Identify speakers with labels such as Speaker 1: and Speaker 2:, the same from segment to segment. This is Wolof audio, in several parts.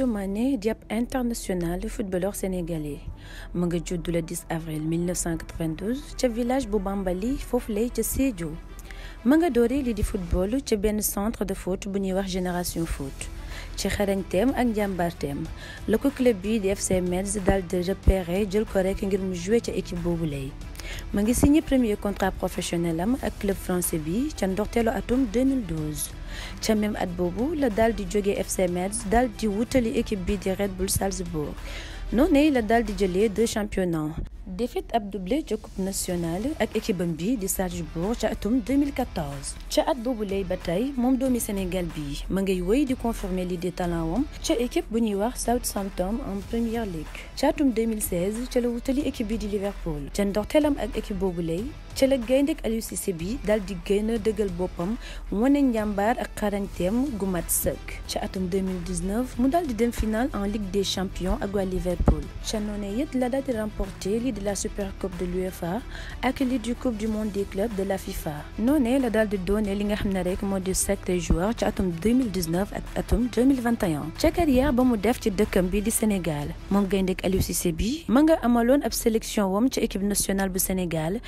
Speaker 1: Sadio Mané di ab international footballeur sénégalais mu nga judd le 10 avril 1992 ca village bu Bambali foofu lay ca Sédhiou ma nga doore li di football ca benn centre de foot bu ñuy wax génération foot ci xarañteem ak njàmbaarteem la ko club bi di FC Metz daal di repéré jël ko rek ngir mu joué ca équipe boobu lay ma ngi signé premier contrat professionnel am ak club français bi ca ndorteelu atum 2012 ca même at boobu la daal di jóge FC Metz daal di wutali équipe bi di Red Bull Salzbourg noonee la daal di jëlee deux championnats défaite ab doublé ca coupe nationale ak équipe am bi di Salzbourg ca atum 2014 ca at boobu lay ba tey moom doomi Sénégal bi ma ngay wéy di confirmer li di talent wam ca équipe bu ñuy wax Southampton en Premier League ca atum 2016 ca la wutali équipe bi di Liverpool ca ndorteelam ak équipe boobu lay ce la gaynde ak Aliou Cissé bi daal di gën a dëggal boppam wane njàmbaar ak xarañteem gu mat sëkk ca atum 2019 mu daal di dem finale en Ligue des champions ak waa Liverpool ca noonee yët la daal di remporté lii de la Supercoupe de l'UEFA ak lii du Coupe du monde des clubs de la FIFA noonee la dal di doone li nga xam ne rek moo di sacré joueur ca atum 2019 ak atum 2021 ca carrière ba mu def ci dëkkam bi di Sénégal moom gaynde ak Aliou Cissé ma nga amaloon ab sélection wam ca équipe nationale bu Sénégal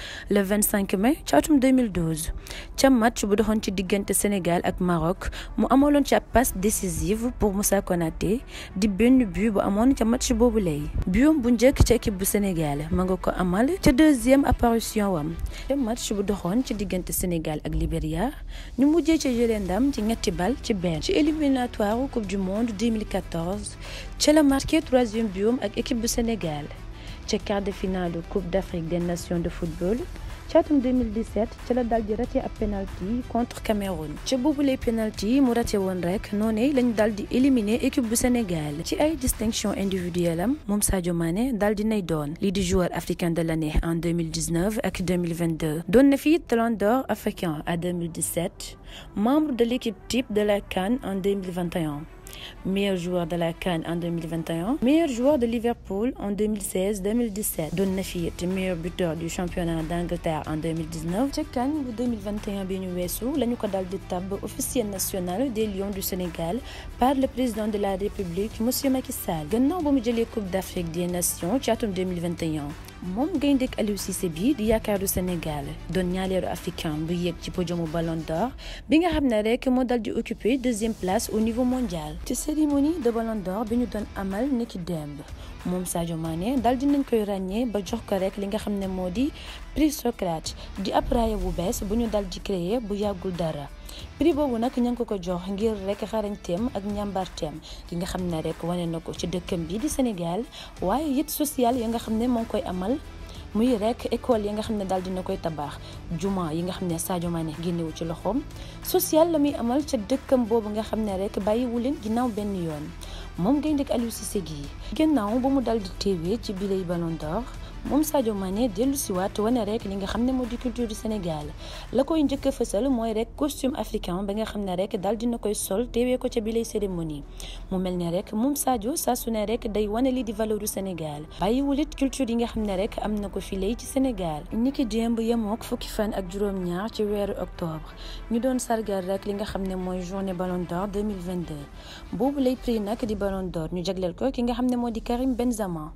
Speaker 1: 25 mai ci atum 2012 ca match bu doxoon ci diggante Sénégal ak Maroc mu amaloon ca passe décisive pour Moussa Konaté di benn but bu amoon ca match boobu lay butam bu njëkk ca équipe bu Sénégal ma nga ko amal ca deuxième apparition wam ca match bu doxoon ci diggante Sénégal ak Libéria ñu mujjee ca jëlee ci ñetti bal ci benn ci éliminatoire Coupe du Monde 2014 ca la marqué troisième butam ak équipe bu Sénégal ca quart de finale de Coupe d'Afrique des Nations de football ci atum 2017 ci la dal di raté ab penalty contre Cameroun ci boobule penalty mu raté woon rek noonu lañ dal di éliminer équipe bu Sénégal ci ay distinction individuelle am moom Sadio Mané dal di nay doon lii di joueur africain de l'année en 2019 ak 2022 doon na fi talon d'or africain à 2017 membre de l'équipe type de la CAN en 2021 meilleur joueur de la CAN en 2021, meilleur joueur de Liverpool en 2016-2017, doon na fi te meilleur buteur du championnat d'Angleterre en 2019 ca CAN bu 2021 bi ñu weesu lañu des Lions du Sénégal par le président de la République monsieur Macky Sall gannaaw ba mu jëlee Coupe d'Afrique des Nations ci atum 2021 moom gaynde ak Aliou Cissé bi di yaakaaru Sénégal doon ñaaleeru africain bu yéeg ci podiumu Ballon d'Or bi nga xam ne rek moo dal di occuper deuxième place au niveau mondial. ci cérémonie de Ballon d'Or bi ñu doon amal niki démb moom Sadio Mané dal di nañ koy ràññee ba jox ko rekk li nga xam ne moo di prix Socrate di ab raaya bu bees bu ñu dal di créer bu yàggul dara. prix boobu nag ña ko ko jox ngir rekk xarañteem ak njàmbaarteem gi nga xam ne rek wane na ko ca dëkkam bi di Sénégal waaye it social yi nga xam ne moo ngi koy amal muy rek école yi nga xam ne daal na koy tabax juma yi nga xam ne Sadio ne génnewu ci loxoom social la muy amal ca dëkkam boobu nga xam ne rek bàyyiwu leen ginnaaw benn yoon moom gaynde ak Aliou Cissé yi gannaaw ba mu dal di téewee ci bilay Ballon d'Or moom Sadio Mané dellu siwaat wane rek li nga xam ne moo di culture du Sénégal la koy njëkk a fësal mooy rek costume africain ba nga xam ne rek daal dina koy sol teewee ko ca bilay cérémonie mu mel ne rek moom Sadio saa ne rek day wane li di valeuru Sénégal bàyyiwul it culture yi nga xam ne rek am na ko fi ci Sénégal ni niki démb yemook fukki fan ak juróom-ñaar ci weeru octobre ñu doon sargal rek li nga xam ne mooy journée Ballon d'Or 2022 boobu lay prix nag di Ballon d'Or ñu jagleel ko ki nga xam ne moo di Karim Benzema